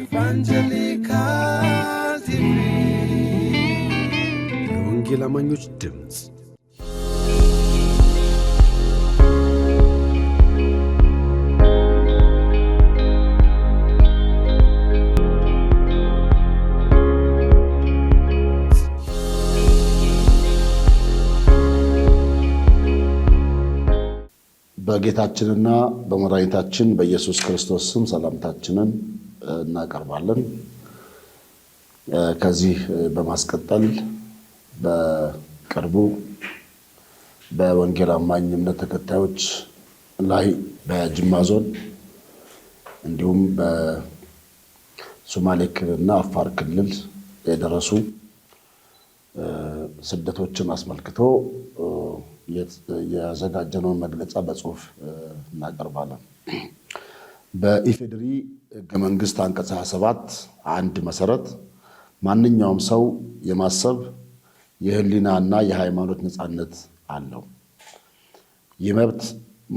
ኢቫንጀሊካል ቲቪ የወንጌል አማኞች ድምፅ በጌታችንና በመድኃኒታችን በኢየሱስ ክርስቶስ ስም ሰላምታችንን እናቀርባለን። ከዚህ በማስቀጠል በቅርቡ በወንጌል አማኝ እምነት ተከታዮች ላይ በጅማ ዞን እንዲሁም በሶማሌ ክልልና አፋር ክልል የደረሱ ስደቶችን አስመልክቶ የዘጋጀነውን መግለጫ በጽሁፍ እናቀርባለን። በኢፌድሪ ህገ መንግስት አንቀጽ 27 አንድ መሰረት ማንኛውም ሰው የማሰብ የህሊና እና የሃይማኖት ነፃነት አለው። ይህ መብት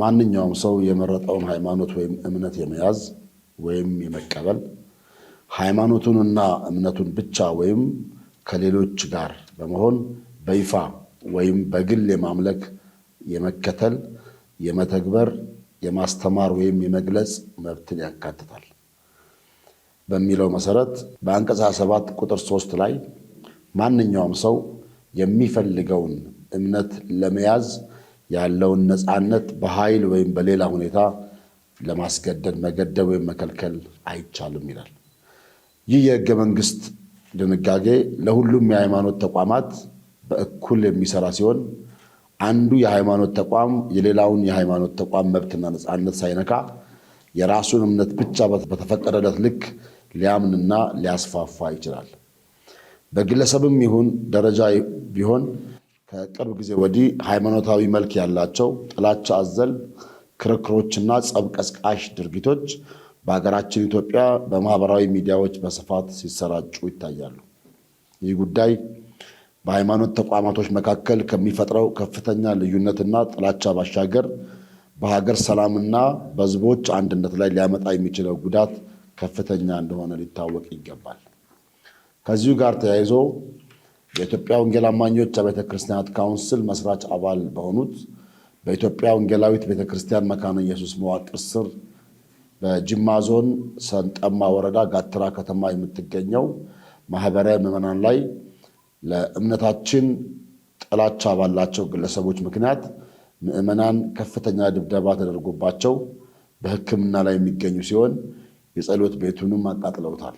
ማንኛውም ሰው የመረጠውን ሃይማኖት ወይም እምነት የመያዝ ወይም የመቀበል ሃይማኖቱንና እምነቱን ብቻ ወይም ከሌሎች ጋር በመሆን በይፋ ወይም በግል የማምለክ፣ የመከተል፣ የመተግበር፣ የማስተማር ወይም የመግለጽ መብትን ያካትታል። በሚለው መሰረት በአንቀጽ 27 ቁጥር 3 ላይ ማንኛውም ሰው የሚፈልገውን እምነት ለመያዝ ያለውን ነፃነት በኃይል ወይም በሌላ ሁኔታ ለማስገደድ መገደብ ወይም መከልከል አይቻልም ይላል። ይህ የህገ መንግስት ድንጋጌ ለሁሉም የሃይማኖት ተቋማት በእኩል የሚሰራ ሲሆን አንዱ የሃይማኖት ተቋም የሌላውን የሃይማኖት ተቋም መብትና ነፃነት ሳይነካ የራሱን እምነት ብቻ በተፈቀደለት ልክ ሊያምንና ሊያስፋፋ ይችላል። በግለሰብም ይሁን ደረጃ ቢሆን ከቅርብ ጊዜ ወዲህ ሃይማኖታዊ መልክ ያላቸው ጥላቻ አዘል ክርክሮችና ጸብ ቀስቃሽ ድርጊቶች በሀገራችን ኢትዮጵያ በማህበራዊ ሚዲያዎች በስፋት ሲሰራጩ ይታያሉ። ይህ ጉዳይ በሃይማኖት ተቋማቶች መካከል ከሚፈጥረው ከፍተኛ ልዩነትና ጥላቻ ባሻገር በሀገር ሰላምና በሕዝቦች አንድነት ላይ ሊያመጣ የሚችለው ጉዳት ከፍተኛ እንደሆነ ሊታወቅ ይገባል። ከዚሁ ጋር ተያይዞ የኢትዮጵያ ወንጌል አማኞች ቤተ ክርስቲያናት ካውንስል መስራች አባል በሆኑት በኢትዮጵያ ወንጌላዊት ቤተ ክርስቲያን መካነ ኢየሱስ መዋቅር ስር በጅማ ዞን ሰንጠማ ወረዳ ጋትራ ከተማ የምትገኘው ማህበረ ምዕመናን ላይ ለእምነታችን ጥላቻ ባላቸው ግለሰቦች ምክንያት ምዕመናን ከፍተኛ ድብደባ ተደርጎባቸው በሕክምና ላይ የሚገኙ ሲሆን የጸሎት ቤቱንም አቃጥለውታል።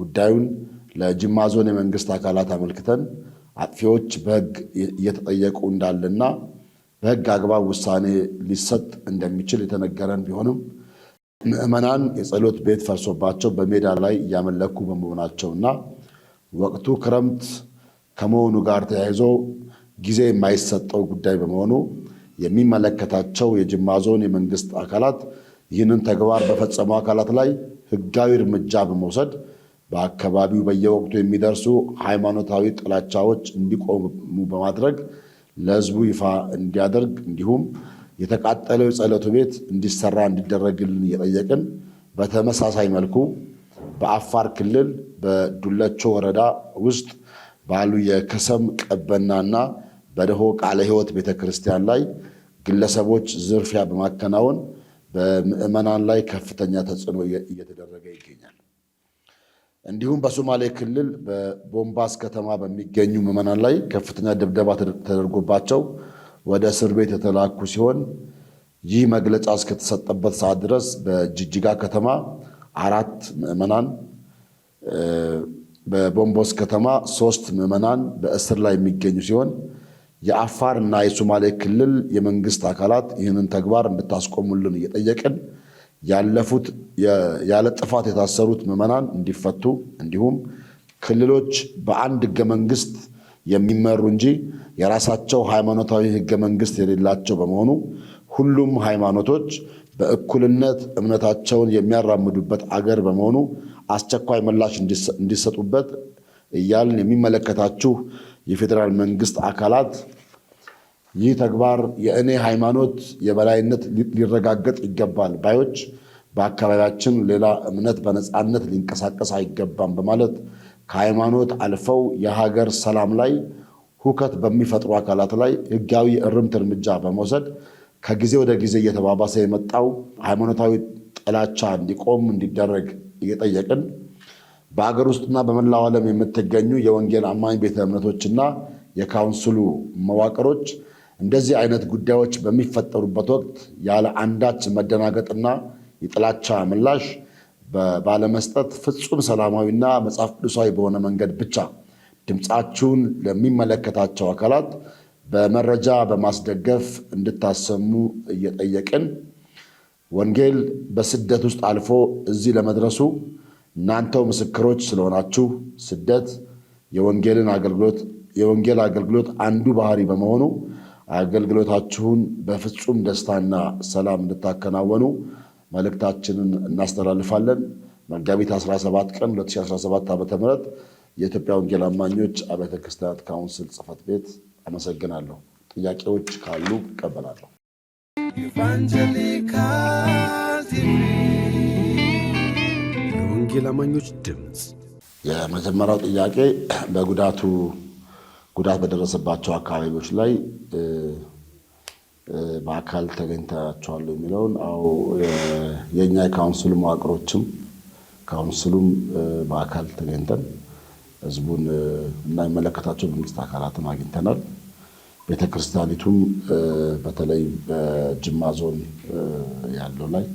ጉዳዩን ለጅማ ዞን የመንግስት አካላት አመልክተን አጥፊዎች በህግ እየተጠየቁ እንዳለና በህግ አግባብ ውሳኔ ሊሰጥ እንደሚችል የተነገረን ቢሆንም ምዕመናን የጸሎት ቤት ፈርሶባቸው በሜዳ ላይ እያመለኩ በመሆናቸውና ወቅቱ ክረምት ከመሆኑ ጋር ተያይዞ ጊዜ የማይሰጠው ጉዳይ በመሆኑ የሚመለከታቸው የጅማ ዞን የመንግስት አካላት ይህንን ተግባር በፈጸሙ አካላት ላይ ህጋዊ እርምጃ በመውሰድ በአካባቢው በየወቅቱ የሚደርሱ ሃይማኖታዊ ጥላቻዎች እንዲቆሙ በማድረግ ለህዝቡ ይፋ እንዲያደርግ እንዲሁም የተቃጠለው የጸሎቱ ቤት እንዲሰራ እንዲደረግልን እየጠየቅን በተመሳሳይ መልኩ በአፋር ክልል በዱለቾ ወረዳ ውስጥ ባሉ የከሰም ቀበናና በደሆ ቃለ ህይወት ቤተክርስቲያን ላይ ግለሰቦች ዝርፊያ በማከናወን በምዕመናን ላይ ከፍተኛ ተጽዕኖ እየተደረገ ይገኛል። እንዲሁም በሶማሌ ክልል በቦምባስ ከተማ በሚገኙ ምዕመናን ላይ ከፍተኛ ድብደባ ተደርጎባቸው ወደ እስር ቤት የተላኩ ሲሆን ይህ መግለጫ እስከተሰጠበት ሰዓት ድረስ በጅጅጋ ከተማ አራት ምዕመናን፣ በቦምቦስ ከተማ ሶስት ምዕመናን በእስር ላይ የሚገኙ ሲሆን የአፋር እና የሶማሌ ክልል የመንግስት አካላት ይህንን ተግባር እንድታስቆሙልን እየጠየቅን ያለፉት ያለ ጥፋት የታሰሩት ምዕመናን እንዲፈቱ እንዲሁም ክልሎች በአንድ ህገ መንግስት የሚመሩ እንጂ የራሳቸው ሃይማኖታዊ ህገ መንግስት የሌላቸው በመሆኑ ሁሉም ሃይማኖቶች በእኩልነት እምነታቸውን የሚያራምዱበት አገር በመሆኑ አስቸኳይ ምላሽ እንዲሰጡበት እያልን የሚመለከታችሁ የፌዴራል መንግስት አካላት ይህ ተግባር የእኔ ሃይማኖት የበላይነት ሊረጋገጥ ይገባል ባዮች በአካባቢያችን ሌላ እምነት በነፃነት ሊንቀሳቀስ አይገባም በማለት ከሃይማኖት አልፈው የሀገር ሰላም ላይ ሁከት በሚፈጥሩ አካላት ላይ ህጋዊ እርምት እርምጃ በመውሰድ ከጊዜ ወደ ጊዜ እየተባባሰ የመጣው ሃይማኖታዊ ጥላቻ እንዲቆም እንዲደረግ እየጠየቅን በአገር ውስጥና በመላው ዓለም የምትገኙ የወንጌል አማኝ ቤተ እምነቶችና የካውንስሉ መዋቅሮች እንደዚህ አይነት ጉዳዮች በሚፈጠሩበት ወቅት ያለ አንዳች መደናገጥና የጥላቻ ምላሽ ባለመስጠት ፍጹም ሰላማዊና መጽሐፍ ቅዱሳዊ በሆነ መንገድ ብቻ ድምፃችሁን ለሚመለከታቸው አካላት በመረጃ በማስደገፍ እንድታሰሙ እየጠየቅን ወንጌል በስደት ውስጥ አልፎ እዚህ ለመድረሱ እናንተው ምስክሮች ስለሆናችሁ ስደት የወንጌልን አገልግሎት የወንጌል አገልግሎት አንዱ ባህሪ በመሆኑ አገልግሎታችሁን በፍጹም ደስታና ሰላም እንድታከናወኑ መልእክታችንን እናስተላልፋለን። መጋቢት 17 ቀን 2017 ዓ ም የኢትዮጵያ ወንጌል አማኞች አብያተ ክርስቲያናት ካውንስል ጽሕፈት ቤት። አመሰግናለሁ። ጥያቄዎች ካሉ እቀበላለሁ። ኢቫንጀሊካል ቲቪ የወንጌል አማኞች ድምፅ የመጀመሪያው ጥያቄ በጉዳቱ ጉዳት በደረሰባቸው አካባቢዎች ላይ በአካል ተገኝታቸዋሉ የሚለውን አዎ፣ የእኛ የካውንስሉ መዋቅሮችም ካውንስሉም በአካል ተገኝተን ህዝቡን እና የሚመለከታቸው መንግስት አካላትን አግኝተናል። ቤተክርስቲያኒቱም በተለይ በጅማ ዞን ያለው ላይ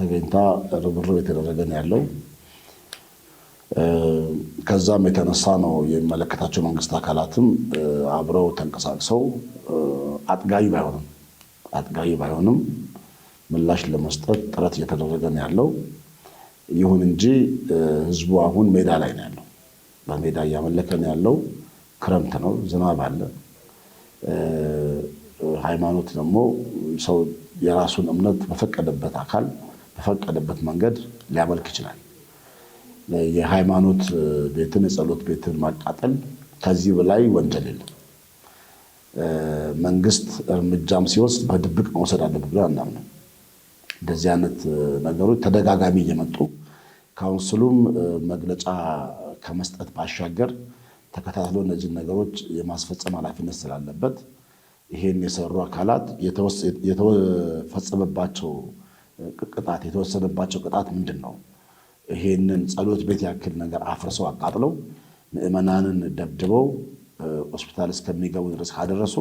ተገኝታ ርብርብ የተደረገን ያለው ከዛም የተነሳ ነው የሚመለከታቸው መንግስት አካላትም አብረው ተንቀሳቅሰው አጥጋቢ ባይሆንም አጥጋቢ ባይሆንም ምላሽ ለመስጠት ጥረት እየተደረገ ነው ያለው። ይሁን እንጂ ህዝቡ አሁን ሜዳ ላይ ነው ያለው። በሜዳ እያመለከ ነው ያለው። ክረምት ነው፣ ዝናብ አለ። ሃይማኖት ደግሞ ሰው የራሱን እምነት በፈቀደበት አካል በፈቀደበት መንገድ ሊያመልክ ይችላል። የሃይማኖት ቤትን የጸሎት ቤትን ማቃጠል ከዚህ በላይ ወንጀል የለም። መንግስት እርምጃም ሲወስድ በድብቅ መውሰድ አለ ብለን አናምንም። እንደዚህ አይነት ነገሮች ተደጋጋሚ እየመጡ ካውንስሉም መግለጫ ከመስጠት ባሻገር ተከታትሎ እነዚህን ነገሮች የማስፈጸም ኃላፊነት ስላለበት ይሄን የሰሩ አካላት የተፈጸመባቸው ቅጣት የተወሰነባቸው ቅጣት ምንድን ነው? ይሄንን ጸሎት ቤት ያክል ነገር አፍርሰው አቃጥለው ምዕመናንን ደብድበው ሆስፒታል እስከሚገቡ ድረስ ካደረሱ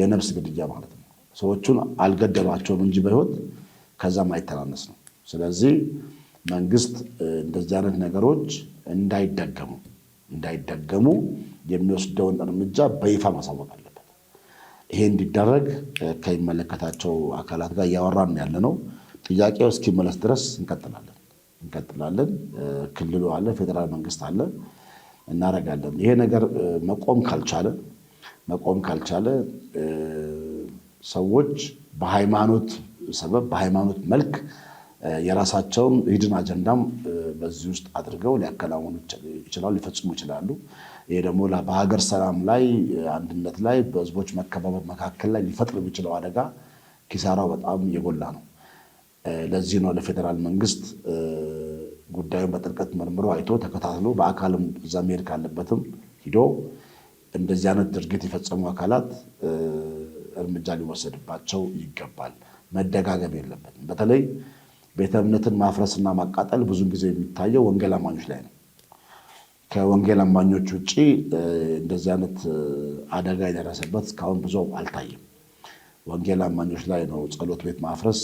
የነፍስ ግድያ ማለት ነው። ሰዎቹን አልገደባቸውም እንጂ በህይወት ከዛም አይተናነስ ነው። ስለዚህ መንግስት እንደዚህ አይነት ነገሮች እንዳይደገሙ እንዳይደገሙ የሚወስደውን እርምጃ በይፋ ማሳወቅ አለበት። ይሄ እንዲደረግ ከሚመለከታቸው አካላት ጋር እያወራን ያለ ነው። ጥያቄው እስኪመለስ ድረስ እንቀጥላለን። እንቀጥላለን። ክልሉ አለ፣ ፌዴራል መንግስት አለ፣ እናደርጋለን። ይሄ ነገር መቆም ካልቻለ መቆም ካልቻለ ሰዎች በሃይማኖት ሰበብ በሃይማኖት መልክ የራሳቸውን ሂድን አጀንዳም በዚህ ውስጥ አድርገው ሊያከናውኑ ይችላሉ፣ ሊፈጽሙ ይችላሉ። ይሄ ደግሞ በሀገር ሰላም ላይ፣ አንድነት ላይ፣ በህዝቦች መከባበር መካከል ላይ ሊፈጥር የሚችለው አደጋ ኪሳራው በጣም የጎላ ነው። ለዚህ ነው ለፌዴራል መንግስት ጉዳዩን በጥልቀት መርምሮ አይቶ ተከታትሎ በአካልም እዛ መሄድ ካለበትም ሂዶ እንደዚህ አይነት ድርጊት የፈጸሙ አካላት እርምጃ ሊወሰድባቸው ይገባል። መደጋገብ የለበትም። በተለይ ቤተ እምነትን ማፍረስና ማቃጠል ብዙን ጊዜ የሚታየው ወንጌል አማኞች ላይ ነው። ከወንጌል አማኞች ውጭ እንደዚህ አይነት አደጋ የደረሰበት እስካሁን ብዙ አልታየም። ወንጌል አማኞች ላይ ነው ጸሎት ቤት ማፍረስ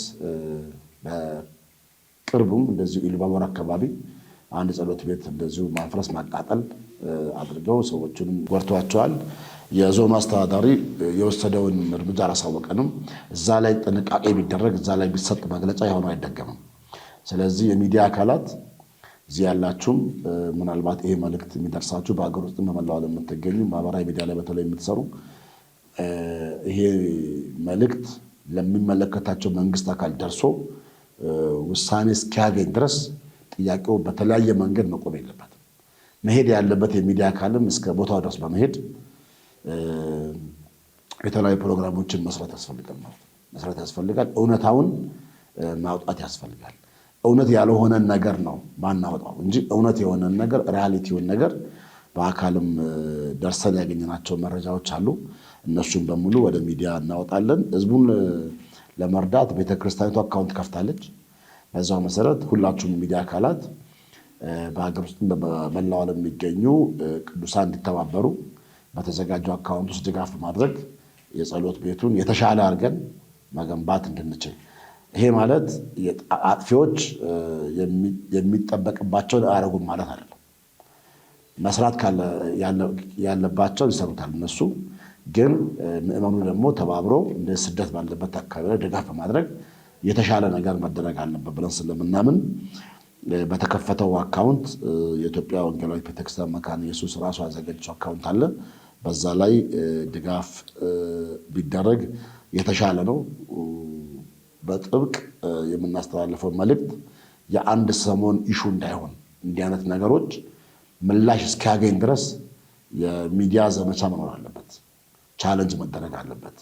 በቅርቡም እንደዚሁ ኢሉባቦር አካባቢ አንድ ጸሎት ቤት እንደዚሁ ማፍረስ ማቃጠል አድርገው ሰዎቹንም ጎድተዋቸዋል። የዞኑ አስተዳዳሪ የወሰደውን እርምጃ አላሳወቀንም። እዛ ላይ ጥንቃቄ ቢደረግ እዛ ላይ ቢሰጥ መግለጫ የሆነ አይደገምም። ስለዚህ የሚዲያ አካላት እዚህ ያላችሁም ምናልባት ይሄ መልእክት የሚደርሳችሁ በሀገር ውስጥ በመላው ዓለም የምትገኙ ማህበራዊ ሚዲያ ላይ በተለይ የምትሰሩ ይሄ መልእክት ለሚመለከታቸው መንግስት አካል ደርሶ ውሳኔ እስኪያገኝ ድረስ ጥያቄው በተለያየ መንገድ መቆም የለበትም። መሄድ ያለበት የሚዲያ አካልም እስከ ቦታው ድረስ በመሄድ የተለያዩ ፕሮግራሞችን መስራት ያስፈልጋል ማለት ነው። መስራት ያስፈልጋል። እውነታውን ማውጣት ያስፈልጋል። እውነት ያልሆነን ነገር ነው ማናወጣው እንጂ እውነት የሆነን ነገር ሪያሊቲውን ነገር በአካልም ደርሰን ያገኘናቸው መረጃዎች አሉ። እነሱን በሙሉ ወደ ሚዲያ እናወጣለን ህዝቡን ለመርዳት ቤተክርስቲያኒቱ አካውንት ከፍታለች። በዛ መሰረት ሁላችሁም ሚዲያ አካላት በሀገር ውስጥ በመላው ዓለም የሚገኙ ቅዱሳን እንዲተባበሩ በተዘጋጁ አካውንት ውስጥ ድጋፍ በማድረግ የጸሎት ቤቱን የተሻለ አድርገን መገንባት እንድንችል ይሄ ማለት አጥፊዎች የሚጠበቅባቸውን አያደርጉም ማለት አይደለም። መስራት ያለባቸውን ይሰሩታል እነሱ ግን ምዕመኑ ደግሞ ተባብሮ እንደ ስደት ባለበት አካባቢ ላይ ድጋፍ በማድረግ የተሻለ ነገር መደረግ አለበት ብለን ስለምናምን በተከፈተው አካውንት የኢትዮጵያ ወንጌላዊ ቤተክርስቲያን መካነ ኢየሱስ ራሱ ያዘጋጀው አካውንት አለ። በዛ ላይ ድጋፍ ቢደረግ የተሻለ ነው። በጥብቅ የምናስተላልፈው መልእክት የአንድ ሰሞን ኢሹ እንዳይሆን እንዲህ አይነት ነገሮች ምላሽ እስኪያገኝ ድረስ የሚዲያ ዘመቻ መኖር አለበት። ቻለንጅ መደረግ አለበት።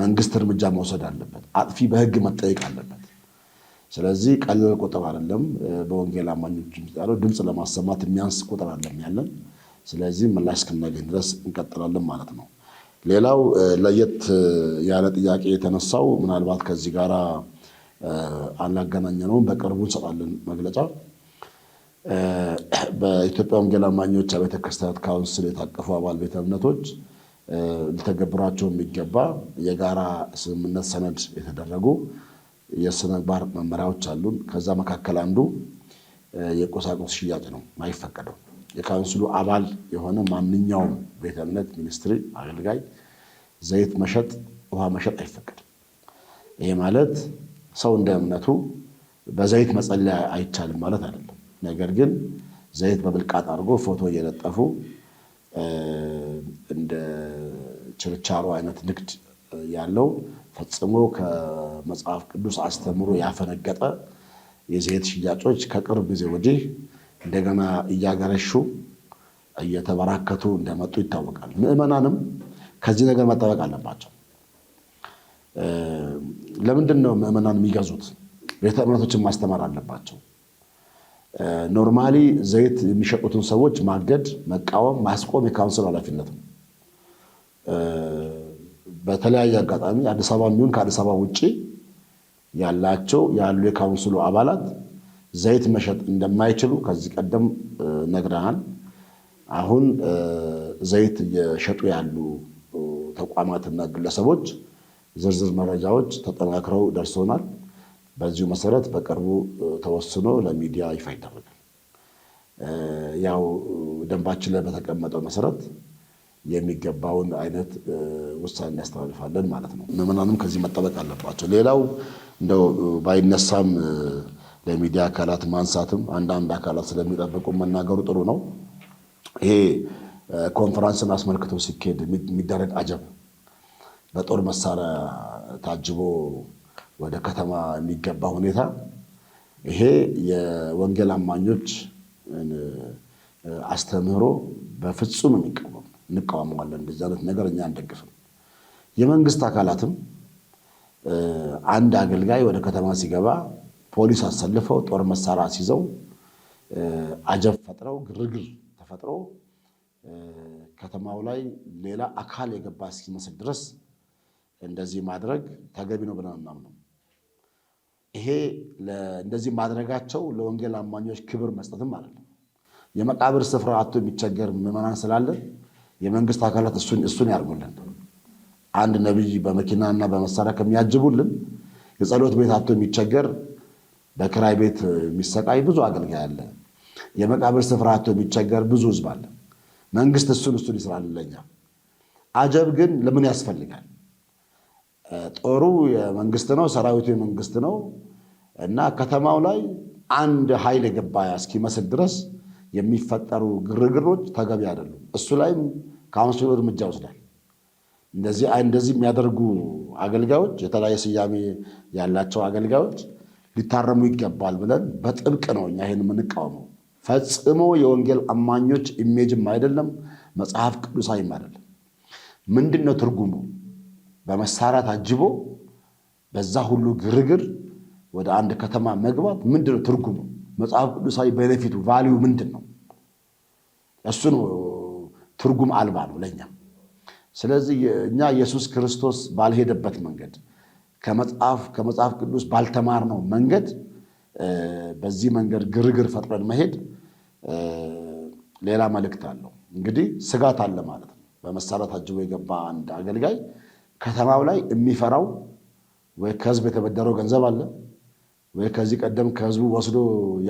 መንግስት እርምጃ መውሰድ አለበት። አጥፊ በህግ መጠየቅ አለበት። ስለዚህ ቀለል ቁጥር አይደለም። በወንጌል አማኞች የሚጣለው ድምፅ ለማሰማት የሚያንስ ቁጥር አይደለም ያለን። ስለዚህ ምላሽ እስክናገኝ ድረስ እንቀጥላለን ማለት ነው። ሌላው ለየት ያለ ጥያቄ የተነሳው ምናልባት ከዚህ ጋር ነው። በቅርቡ እንሰጣለን መግለጫ። በኢትዮጵያ ወንጌል አማኞች ቤተክርስቲያናት ካውንስል የታቀፉ አባል ቤተ እምነቶች ሊተገብሯቸው የሚገባ የጋራ ስምምነት ሰነድ የተደረጉ የስነ ምግባር መመሪያዎች አሉ። ከዛ መካከል አንዱ የቁሳቁስ ሽያጭ ነው፣ አይፈቀደው። የካውንስሉ አባል የሆነ ማንኛውም ቤተ እምነት፣ ሚኒስትሪ፣ አገልጋይ ዘይት መሸጥ፣ ውሃ መሸጥ አይፈቀድም። ይሄ ማለት ሰው እንደ እምነቱ በዘይት መጸለያ አይቻልም ማለት አይደለም። ነገር ግን ዘይት በብልቃጥ አድርጎ ፎቶ እየለጠፉ ችርቻሮ አይነት ንግድ ያለው ፈጽሞ ከመጽሐፍ ቅዱስ አስተምሮ ያፈነገጠ የዘይት ሽያጮች ከቅርብ ጊዜ ወዲህ እንደገና እያገረሹ እየተበራከቱ እንደመጡ ይታወቃል። ምዕመናንም ከዚህ ነገር መጠበቅ አለባቸው። ለምንድን ነው ምዕመናን የሚገዙት? ቤተ እምነቶችን ማስተማር አለባቸው። ኖርማሊ ዘይት የሚሸጡትን ሰዎች ማገድ፣ መቃወም፣ ማስቆም የካውንስል ኃላፊነት ነው። በተለያየ አጋጣሚ አዲስ አበባ የሚሆን ከአዲስ አበባ ውጭ ያላቸው ያሉ የካውንስሉ አባላት ዘይት መሸጥ እንደማይችሉ ከዚህ ቀደም ነግረሃል። አሁን ዘይት እየሸጡ ያሉ ተቋማትና ግለሰቦች ዝርዝር መረጃዎች ተጠናክረው ደርሶናል። በዚሁ መሰረት በቅርቡ ተወስኖ ለሚዲያ ይፋ ይደረጋል። ያው ደንባችን ላይ በተቀመጠው መሰረት የሚገባውን አይነት ውሳኔ እናስተላልፋለን ማለት ነው። ምዕመናንም ከዚህ መጠበቅ አለባቸው። ሌላው እንደው ባይነሳም ለሚዲያ አካላት ማንሳትም አንዳንድ አካላት ስለሚጠብቁ መናገሩ ጥሩ ነው። ይሄ ኮንፈረንስን አስመልክቶ ሲካሄድ የሚደረግ አጀብ በጦር መሳሪያ ታጅቦ ወደ ከተማ የሚገባ ሁኔታ ይሄ የወንጌል አማኞች አስተምህሮ በፍጹም የሚቀበ እንቃወመዋለን። እንደዚህ አይነት ነገር እኛ አንደግፍም። የመንግስት አካላትም አንድ አገልጋይ ወደ ከተማ ሲገባ ፖሊስ አሰልፈው ጦር መሳሪያ ሲይዘው አጀብ ፈጥረው ግርግር ተፈጥሮ ከተማው ላይ ሌላ አካል የገባ እስኪመስል ድረስ እንደዚህ ማድረግ ተገቢ ነው ብለን አናምንም። ይሄ እንደዚህ ማድረጋቸው ለወንጌል አማኞች ክብር መስጠትም ማለት ነው። የመቃብር ስፍራ አቶ የሚቸገር ምዕመናን ስላለን የመንግስት አካላት እሱን ያርጉልን። አንድ ነቢይ በመኪናና በመሳሪያ ከሚያጅቡልን የጸሎት ቤት አቶ የሚቸገር በክራይ ቤት የሚሰቃይ ብዙ አገልጋይ አለ። የመቃብር ስፍራ አቶ የሚቸገር ብዙ ህዝብ አለ። መንግስት እሱን እሱን ይስራልለኛ። አጀብ ግን ለምን ያስፈልጋል? ጦሩ የመንግስት ነው፣ ሰራዊቱ የመንግስት ነው እና ከተማው ላይ አንድ ኃይል የገባ እስኪመስል ድረስ የሚፈጠሩ ግርግሮች ተገቢ አይደሉም። እሱ ላይም ካውንስሉ እርምጃ ወስዳል። እንደዚህ የሚያደርጉ አገልጋዮች፣ የተለያየ ስያሜ ያላቸው አገልጋዮች ሊታረሙ ይገባል ብለን በጥብቅ ነው እኛ ይህን የምንቃወመው። ፈጽሞ የወንጌል አማኞች ኢሜጅም አይደለም፣ መጽሐፍ ቅዱሳዊም አይደለም። ምንድን ነው ትርጉሙ? በመሳሪያ ታጅቦ በዛ ሁሉ ግርግር ወደ አንድ ከተማ መግባት ምንድን ነው ትርጉሙ? መጽሐፍ ቅዱሳዊ ቤኔፊቱ ቫሊዩ ምንድን ነው? እሱ ነው ትርጉም አልባ ነው ለእኛ። ስለዚህ እኛ ኢየሱስ ክርስቶስ ባልሄደበት መንገድ ከመጽሐፍ ቅዱስ ባልተማርነው መንገድ በዚህ መንገድ ግርግር ፈጥረን መሄድ ሌላ መልእክት አለው። እንግዲህ ስጋት አለ ማለት ነው። በመሳሪያ ታጅቦ የገባ አንድ አገልጋይ ከተማው ላይ የሚፈራው ወይ ከህዝብ የተበደረው ገንዘብ አለ ወይ ከዚህ ቀደም ከህዝቡ ወስዶ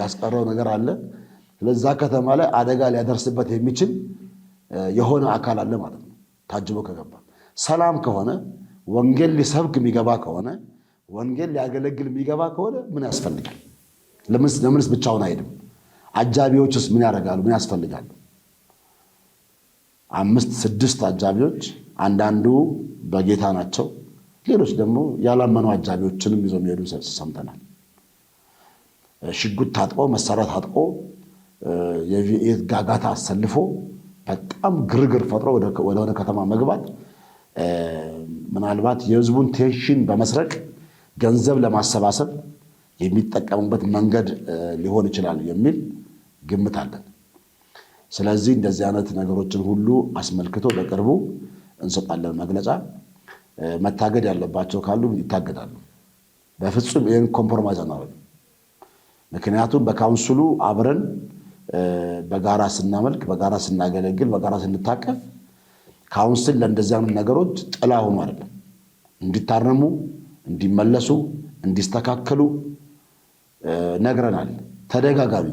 ያስቀረው ነገር አለ። ስለዛ ከተማ ላይ አደጋ ሊያደርስበት የሚችል የሆነ አካል አለ ማለት ነው። ታጅቦ ከገባ ሰላም ከሆነ ወንጌል ሊሰብክ የሚገባ ከሆነ ወንጌል ሊያገለግል የሚገባ ከሆነ ምን ያስፈልጋል? ለምንስ ብቻውን አይሄድም? አጃቢዎችስ ምን ያደርጋሉ? ምን ያስፈልጋሉ? አምስት ስድስት አጃቢዎች፣ አንዳንዱ በጌታ ናቸው፣ ሌሎች ደግሞ ያላመኑ አጃቢዎችንም ይዞ የሚሄዱ ሰምተናል። ሽጉጥ ታጥቆ መሳሪያ ታጥቆ የቪኤት ጋጋታ አሰልፎ በጣም ግርግር ፈጥሮ ወደሆነ ከተማ መግባት ምናልባት የህዝቡን ቴንሽን በመስረቅ ገንዘብ ለማሰባሰብ የሚጠቀሙበት መንገድ ሊሆን ይችላል የሚል ግምት አለን። ስለዚህ እንደዚህ አይነት ነገሮችን ሁሉ አስመልክቶ በቅርቡ እንሰጣለን መግለጫ። መታገድ ያለባቸው ካሉ ይታገዳሉ። በፍጹም ይህን ኮምፕሮማይዝ አናደርግም። ምክንያቱም በካውንስሉ አብረን በጋራ ስናመልክ፣ በጋራ ስናገለግል፣ በጋራ ስንታቀፍ ካውንስል ለእንደዚያ ነገሮች ጥላ ሆኖ አይደለም እንዲታረሙ፣ እንዲመለሱ፣ እንዲስተካከሉ ነግረናል። ተደጋጋሚ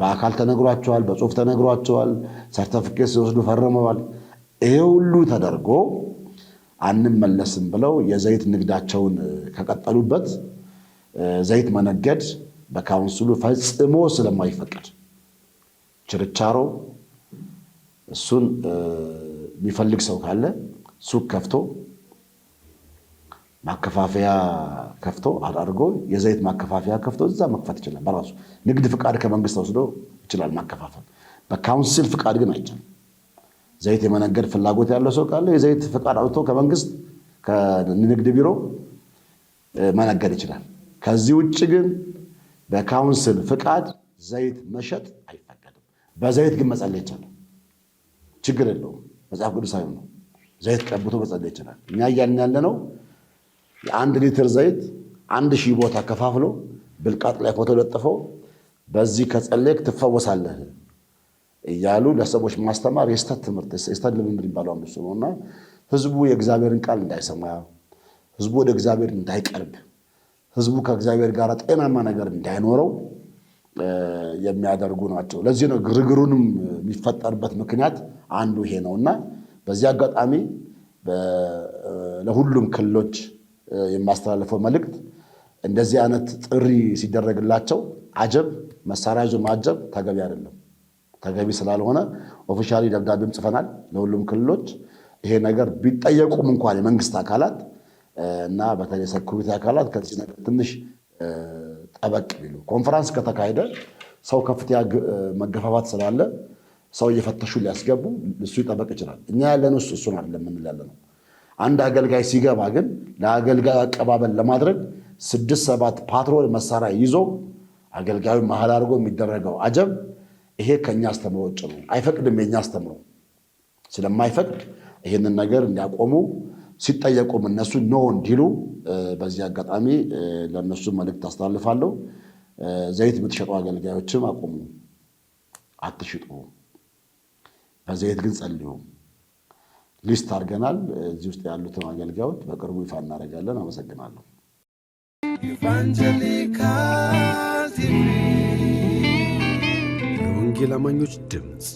በአካል ተነግሯቸዋል፣ በጽሁፍ ተነግሯቸዋል፣ ሰርተፍኬት ሲወስዱ ፈርመዋል። ይሄ ሁሉ ተደርጎ አንመለስም ብለው የዘይት ንግዳቸውን ከቀጠሉበት ዘይት መነገድ በካውንስሉ ፈጽሞ ስለማይፈቀድ ችርቻሮ እሱን የሚፈልግ ሰው ካለ ሱቅ ከፍቶ ማከፋፈያ ከፍቶ አድርጎ የዘይት ማከፋፈያ ከፍቶ እዛ መክፈት ይችላል። በራሱ ንግድ ፍቃድ ከመንግስት ወስዶ ይችላል ማከፋፈል። በካውንስል ፍቃድ ግን አይቻልም። ዘይት የመነገድ ፍላጎት ያለው ሰው ካለ የዘይት ፍቃድ አውጥቶ ከመንግስት ከንግድ ቢሮ መነገድ ይችላል። ከዚህ ውጭ ግን በካውንስል ፍቃድ ዘይት መሸጥ አይፈቀድም። በዘይት ግን መጸለይ ይቻላል። ችግር የለውም። መጽሐፍ ቅዱሳዊ ነው። ዘይት ቀብቶ መጸለይ ይችላል። እኛ እያልን ያለ ነው የአንድ ሊትር ዘይት አንድ ሺህ ቦታ ከፋፍሎ ብልቃጥ ላይ ፎቶ ለጥፎ በዚህ ከጸለይክ ትፈወሳለህ እያሉ ለሰዎች ማስተማር የስተት ትምህርት የስተት ልምምድ የሚባለው አንዱ ነውና ህዝቡ የእግዚአብሔርን ቃል እንዳይሰማ ህዝቡ ወደ እግዚአብሔር እንዳይቀርብ ህዝቡ ከእግዚአብሔር ጋር ጤናማ ነገር እንዳይኖረው የሚያደርጉ ናቸው። ለዚህ ነው ግርግሩንም የሚፈጠርበት ምክንያት አንዱ ይሄ ነው እና በዚህ አጋጣሚ ለሁሉም ክልሎች የማስተላልፈው መልእክት እንደዚህ አይነት ጥሪ ሲደረግላቸው አጀብ መሳሪያ ይዞ ማጀብ ተገቢ አይደለም። ተገቢ ስላልሆነ ኦፊሻሊ ደብዳቤም ጽፈናል ለሁሉም ክልሎች። ይሄ ነገር ቢጠየቁም እንኳን የመንግስት አካላት እና በተለይ ሴኩሪቲ አካላት ከዚህ ነገር ትንሽ ጠበቅ ቢሉ፣ ኮንፈረንስ ከተካሄደ ሰው ከፍተኛ መገፋፋት ስላለ ሰው እየፈተሹ ሊያስገቡ እሱ ይጠበቅ ይችላል። እኛ ያለን ውስጥ እሱን አይደለም የምንል ያለ ነው። አንድ አገልጋይ ሲገባ ግን ለአገልጋዩ አቀባበል ለማድረግ ስድስት ሰባት ፓትሮል መሳሪያ ይዞ አገልጋዩ መሀል አድርጎ የሚደረገው አጀብ ይሄ ከእኛ አስተምሮ ውጭ ነው። አይፈቅድም። የኛ አስተምሮ ስለማይፈቅድ ይህንን ነገር እንዲያቆሙ ሲጠየቁም እነሱ ኖ እንዲሉ በዚህ አጋጣሚ ለእነሱ መልእክት አስተላልፋለሁ። ዘይት የምትሸጡ አገልጋዮችም አቁሙ፣ አትሽጡ። በዘይት ግን ጸልዩ። ሊስት አድርገናል። እዚህ ውስጥ ያሉትን አገልጋዮች በቅርቡ ይፋ እናደርጋለን። አመሰግናለሁ። ኢቫንጀሊካል ቲቪ የወንጌል አማኞች ድምፅ